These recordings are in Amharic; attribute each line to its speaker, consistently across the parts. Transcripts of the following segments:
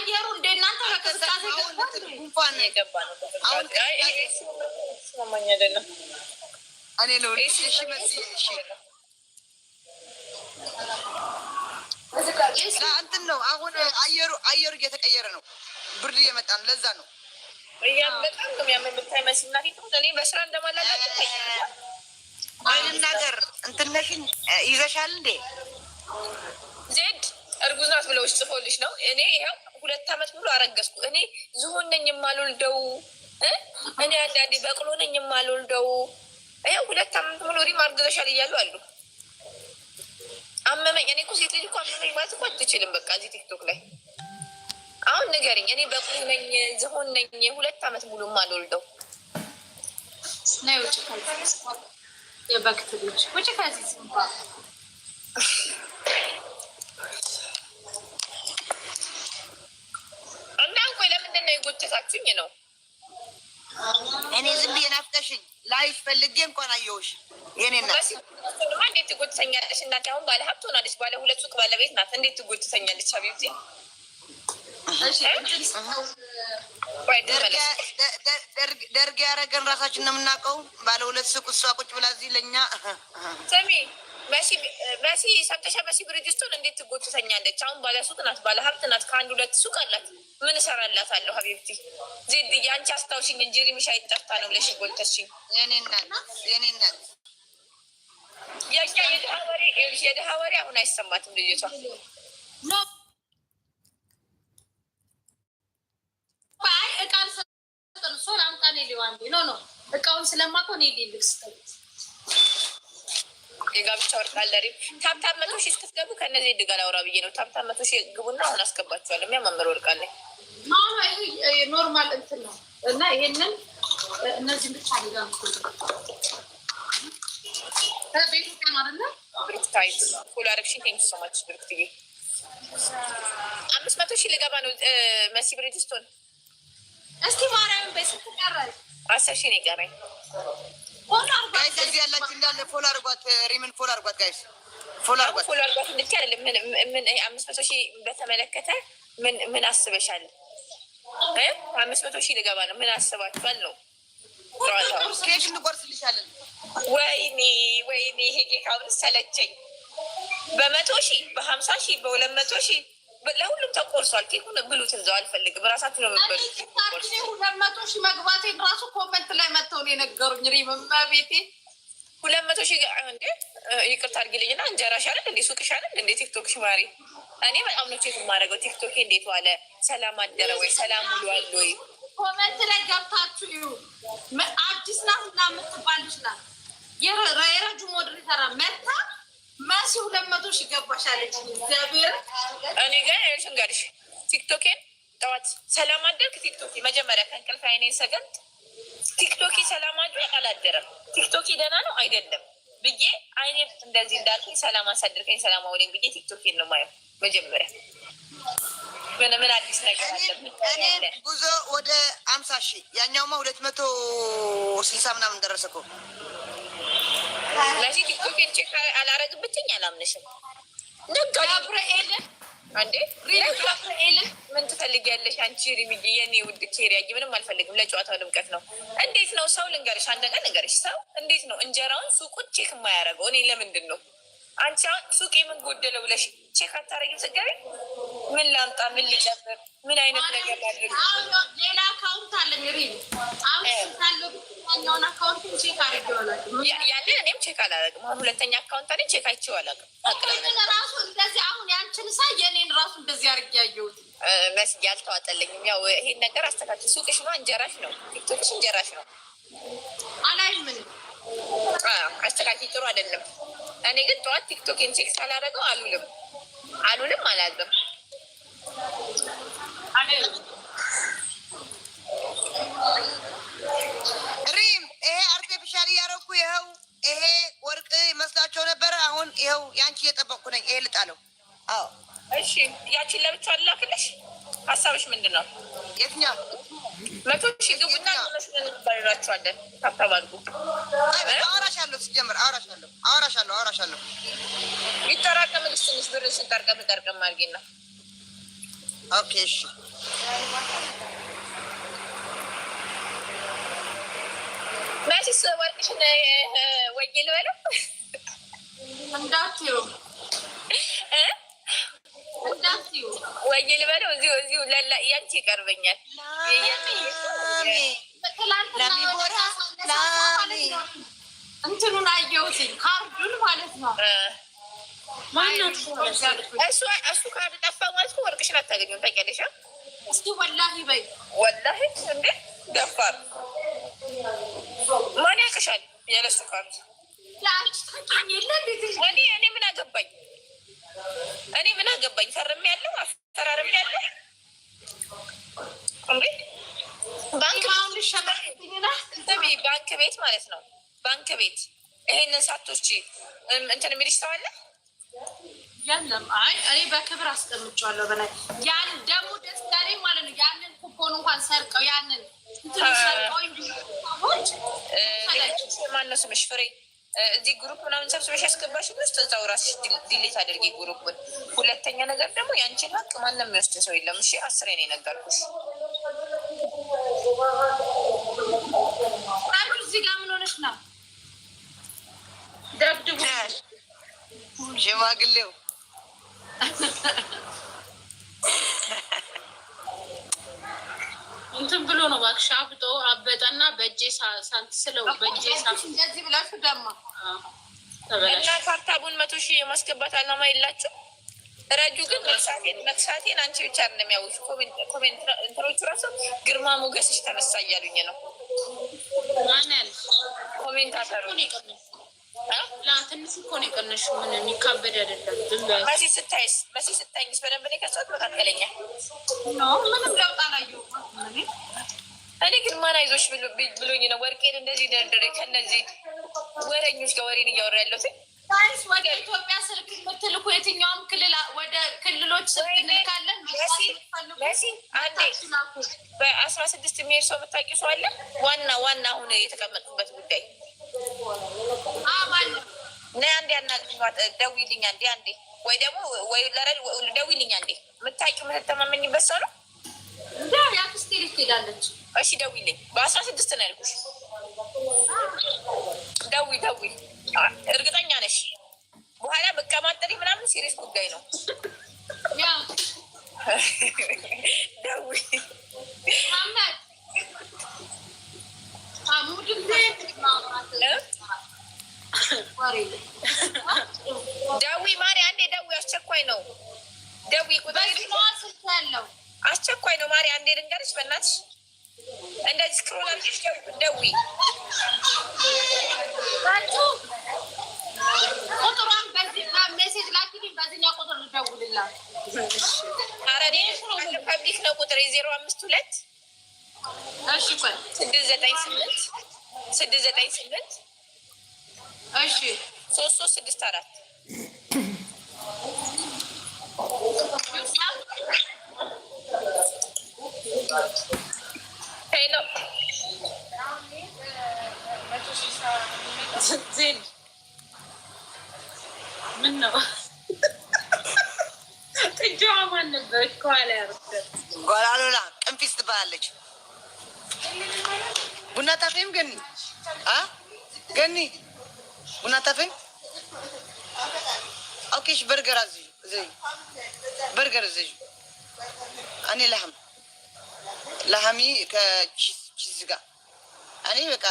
Speaker 1: አየሩ እንደ እናንተ ከቅስቃሴ ነው። እኔ እንትን ነው። አሁን አየሩ አየሩ እየተቀየረ ነው፣ ብርድ እየመጣ ነው። ለዛ ነው በጣም ነገር እንትን ይዘሻል እንዴ ዜድ እርጉዝ ናት ብለውሽ ጽፎልሽ ነው። እኔ ይኸው ሁለት አመት ሙሉ አረገዝኩ። እኔ ዝሆን ነኝ የማልወልደው፣ እኔ አንዳንዴ በቅሎ ነኝ የማልወልደው። ይኸው ሁለት አመት ሙሉ ሪም አርግዘሻል እያሉ አሉ። አመመኝ። እኔ እኮ ሴት ልጅ እኮ አመመኝ ማለት እኮ አትችልም። በቃ እዚህ ቲክቶክ ላይ አሁን ንገሪኝ፣ እኔ በቅሎ ነኝ ዝሆን ነኝ ሁለት አመት ሙሉ የማልወልደው ነው ውጭ ከዚህ ውጭ ከዚህ ነው የጎተታችሁኝ ነው። እኔ ዝም ብዬ ናፍቀሽኝ ላይሽ ፈልጌ እንኳን አየሁሽ። የኔና እንዴት ትጎትተኛለሽ እናት አሁን ባለ ሀብት ሆናለች፣ ባለ ሁለት ሱቅ ባለቤት ናት። እንዴት ትጎትተኛለች? አቤት ደርግ ያደረገን ራሳችን ነው የምናውቀው። ባለ ሁለት ሱቅ እሷ ቁጭ ብላ እዚህ ለእኛ ስሚ መሲ ሰምተሻ? መሲ ብርጅስቶን እንዴት ትጎትተኛለች? አሁን ባለሱቅ ናት፣ ባለሀብት ናት፣ ከአንድ ሁለት ሱቅ አላት። ምን እሰራላታለሁ? ሀቢብቲ ዜድ የአንቺ አስታውሽኝ እንጂ ነው ብለሽ ጎልተሽኝ። ወሬ አሁን አይሰማትም ልጅቷ። ሊዋንዴ ኖ ኖ እቃውን የጋብቻ ወርቅ አለሪ ታብታብ መቶ ሺ እስክትገቡ ከእነዚህ ድጋላ ላውራ ብዬ ነው። ታብታብ መቶ ሺ ግቡና አሁን አስገባችኋለሁ። የሚያማምር ወርቅ አለኝ። ኖርማል እንትን ነው እና ይሄንን እነዚህ ብቻ ሊጋ ቤት ማለ ብሩክታይት ኮላረግሽ ቴንክ ሶማች ብሩክትዬ አምስት መቶ ሺህ ልገባ ነው። መሲ ብሪጅስቶን እስቲ ማርያምን በስት ቀረ አስር ሺህ ነው የቀረኝ ጋይስ እዚህ ያላችሁ እንዳለ ፎሎ አድርጓት፣ ሪምን ፎሎ አድርጓት፣ ጋይስ በተመለከተ ምን ምን አስበሻል? አምስት መቶ ሺህ ልገባ ነው። ምን አስባችኋል ነው? ኬክ እንቆርስልሻለን። ወይኔ ወይኔ፣ ይሄ ኬክ አሁን ሰለቸኝ። በመቶ ሺህ በሀምሳ ሺህ በሁለት መቶ ሺህ ለሁሉም ተቆርሷል። ኬኩን ብሉት እዛው አልፈልግም። ራሳችሁ ነው ሁለት መቶ ሺህ መግባቴ ራሱ ኮመንት ላይ መጥተው ነው የነገሩኝ። መቤቴ ሁለት መቶ ሺህ እንዴ! ይቅርታ አድርጊልኝና እንጀራ ሻለን እንዴ ሱቅ ሻለን እንዴ ቲክቶክ ሽማሪ እኔ በጣም ነው ቼክ የማደርገው። ቲክቶኬ እንዴት ዋለ? ሰላም አደረ ወይ? ሰላም አለ ወይ? ኮመንት ላይ ገብታችሁ አዲስ ናት እና የምትባል ይችላል የረጁ ሞድሬተራ መታ ቢያንስ ሁለት መቶ ሺህ ገባሽ እግዚአብሔር እኔ ግን ሽንጋሪሽ ቲክቶኬን ጠዋት ሰላም አደርክ ቲክቶኬ መጀመሪያ ከእንቅልፍ አይኔን ሰገንት ቲክቶኬ ሰላም አድሮ አላደረም። ቲክቶኬ ደህና ነው አይደለም ብዬ አይኔ እንደዚህ እንዳልኩኝ ሰላም አሳድርከኝ ሰላም አውለኝ ብዬ ቲክቶኬን ነው ማየው መጀመሪያ። ምን ምን አዲስ ነገር እኔ ጉዞ ወደ አምሳ ሺህ ያኛውማ ሁለት መቶ ስልሳ ምናምን ደረሰ እኮ ለዚህ ቲክቶኬን ቼክ አላረግብትኝ አላምንሽም። ነጋጋብረኤል አንዴ ገብርኤል ምን ትፈልጊያለሽ አንቺ? ሪሚዬ የኔ ውድ ኬሪያዬ፣ ምንም አልፈልግም። ለጨዋታው ድምቀት ነው። እንዴት ነው ሰው ልንገርሽ፣ አንድ ነገር ልንገርሽ። ሰው እንዴት ነው እንጀራውን ሱቁን ቼክ የማያደርገው? እኔ ለምንድን ነው አንቺ አሁን ሱቅ የምን ጎደለው ብለሽ ቼክ አታረጊም። ስትገቢ ምን ላምጣ፣ ምን ልጨምር፣ ምን አይነት ነገር ላድርግ። ሌላ አካውንት አለኝ ያንን እኔም ቼክ አላረግም። አሁን ሁለተኛ አካውንት አለኝ ቼክ አይቼው አላውቅም። ራሱ እንደዚህ አሁን ያንችን ሳ የኔን ራሱ እንደዚህ አድርጌ ያየሁት መስጊ አልተዋጠለኝም። ያው ይሄን ነገር አስተካክል። ሱቅሽ ነው እንጀራሽ ነው ቶች እንጀራሽ ነው አላይ ምን አስተካክል። ጥሩ አይደለም እኔ ግን ጠዋት ቲክቶክን ቼክ ሳላደረገው አሉልም አሉልም አላለም። ሪም ይሄ አርቲፊሻል እያረኩ ይኸው ይሄ ወርቅ መስላቸው ነበረ። አሁን ይኸው ያንቺ እየጠበቅኩ ነኝ። ይሄ ልጣለው። አዎ እሺ፣ ያቺን ለብቻ አላክልሽ። ሀሳብሽ ምንድን ነው? የትኛው መቶ ሺህ ግቡና እንላችኋለን። ታብታብ አድርጉ። አወራሻለሁ ስትጀምር አወራሻለሁ አወራሻለሁ አወራሻለሁ ይጠራቀምልሽ ትንሽ ብር ስንጠርቀም ጠርቀም አድርጌና ኦኬ እሺ መሲስ ወርቅሽን ወጌ ልበለው እንዳትዪው ወጌ ልበለው እዚሁ እዚሁ ለላ እያንቺ ይቀርበኛል። ለሚቦራ እንትኑን አየሁት ካርዱን ማለት ነው። እሱ ካርድ ጠፋ ማለት ነው። ወርቅሽን አታገኙም ታውቂያለሽ። እስኪ ወላሂ በይ ወላሂ እንደ ደፋር ማን ያውቅሻል? የለሱ ካርድ እኔ ምን አገባኝ? እኔ ምን አገባኝ? ፈርም ያለው ያለው ቤት ማለት ነው። ባንክ ቤት ይሄንን ሳቶች እንትን የሚልሽ ሰው አለ የለም? አይ እኔ በክብር አስቀምጫዋለሁ። በላይ ያን ደግሞ ደስ ዳሬ ማለት ነው። ያንን ኩፖን እንኳን ሰርቀው ያንን ማነው ስምሽ? ፍሬ እዚህ ግሩፕ ምናምን ሰብስበሽ ያስገባሽ ውስጥ እዛው እራስሽ ዲሌት አድርጊ ግሩፕን። ሁለተኛ ነገር ደግሞ ያንቺን ሀቅ ማንም የሚወስድ ሰው የለም። እሺ አስሬ ነው የነገርኩሽ። አብሮሽ ነው ደብድቡ ሽማግሌው እንትን ብሎ ነው እባክሽ። አብጦ አበጠና በእጄ ሳንት ስለው በእጄ እንደዚህ ብላችሁ ደማ እና ካርታቡን መቶ ሺህ የማስገባት አላማ የላችሁ ረጁ ግን መክሳቴን መክሳቴን አንቺ ብቻ ነው የሚያውቁ። ኮሜንት እንትኖቹ ራሱ ግርማ ሞገስሽ ተነሳ እያሉኝ ነው ትንሽ እኮ ነው የቀነሽው። ምን የሚካበድ አይደለም። መሲ ስታይስ መሲ ስታይስ በደንብ ነው የቀነሰው። መካከለኛ ምንም ለውጥ አላየሁም። እኔ ግን ማን አይዞሽ ብሎኝ ነው ወርቄን እንደዚህ ደርድሬ ከነዚህ ወሬኞች ጋር ወሬን እያወራ ያለሁት ሳይንስ ወደ ኢትዮጵያ ስልክ የምትልኩ የትኛውም ክልል ወደ ክልሎች ስልክ እንልካለን። በአስራ ስድስት የሚሄድ ሰው የምታውቂው ሰው አለ? ዋና ዋና አሁን የተቀመጡበት ጉዳይ እና አንዴ አናግሪዋት፣ ደውይልኝ አንዴ አንዴ፣ ወይ ደግሞ ወይ ለረድ ደውይልኝ አንዴ። የምታውቂው የምትተማመኝበት ሰው ነው። ያክስቴ ልክ ሄዳለች። እሺ ደውይልኝ። በአስራ ስድስት ነው ያልኩሽ። ደውይ ደውይ፣ እርግጠኛ ሲሪየስ ጉዳይ ነው። ደዊ ማሪ አንዴ ደዊ፣ አስቸኳይ ነው። ደዊ ቁጥር አስቸኳይ ነው። ማሪ አንዴ ልንገርሽ፣ በእናትሽ እንደዚህ ስክሮል አድርገሽ ደዊ ሜሴጅ ላኪልኝ በዚህኛው ቁጥር ልደውልላት። አረዴ ፐብሊክ ነው ቁጥር የዜሮ አምስት ሁለት እሺ ስድስት ዘጠኝ ስምንት ስድስት ዘጠኝ ስምንት እሺ ሶስት ሶስት ስድስት አራት ሄሎ ምን ነው ጥጃዋ ማን ነበረች? ከኋላ ያረበት ጓላሎላ ቅንፊዝ ትባላለች። ቡና ታፈይም ገኒ አ ገኒ ቡና ታፈይም ኦኬ። እሺ በርገር አዝዩ፣ በርገር አዝዩ። እኔ ላህም ላህሚ ከቺዝ ጋር እኔ በቃ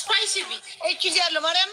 Speaker 1: ስፓይሲ ቢት እቺ ያለው ማርያም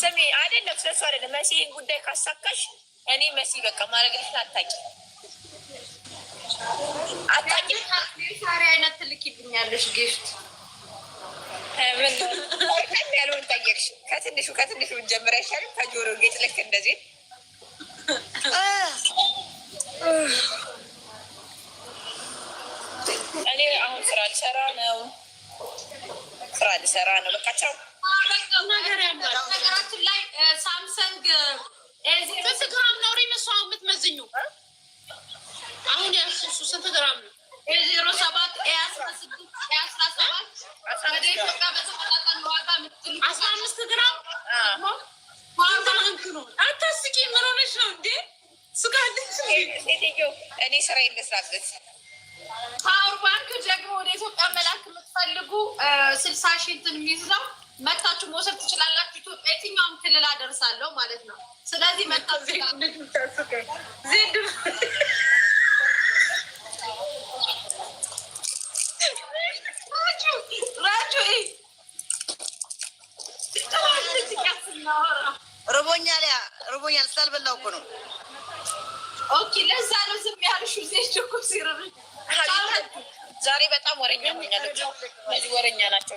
Speaker 1: ስሜ አይደለም፣ ስለሱ አይደለም። መሲህን ጉዳይ ካሳካሽ እኔ መሲህ በቃ ማረግልሽ አታቂ አታቂ ሳሪ አይነት ጊፍት ምን ያለውን ጠየቅሽ። ከትንሹ ከትንሹ ጀምረ ከጆሮ ጌጥ ልክ እንደዚህ እኔ አሁን ስራ ልሰራ ነው። ስራ ልሰራ ነው። በቃ ቻው ነገራችን ላይ ሳምሰንግ ስንት ግራም ነው እሷ የምትመዝኙ? አሁን ያሱ ስንት ግራም ነው? የዜሮ ሰባት የአስራ ስድስት የአስራ ሰባት ኢትዮጵያ በተመጣጣን ዋጋ ምትል አስራ አምስት ግራም አታስቂ። ምን ሆነሽ ነው እንዴ? ስጋለች ሴትዮ። እኔ ስራ ይመስላበት ፓወር ባንክ ደግሞ ወደ ኢትዮጵያ መላክ የምትፈልጉ ስልሳ ሺህ እንትን የሚይዝ ነው መታችሁ መውሰድ ትችላላችሁ። ኢትዮጵያ የትኛውም ክልል አደርሳለሁ ማለት ነው። ስለዚህ መታችሁ ርቦኛል፣ ያ ርቦኛል ስላልበላሁ እኮ ነው። ኦኬ፣ ለዛ ነው ዝም ያልሽው። ዜች እኮ ሲርብ ዛሬ በጣም ወረኛ ሆኛለች። እነዚህ ወረኛ ናቸው።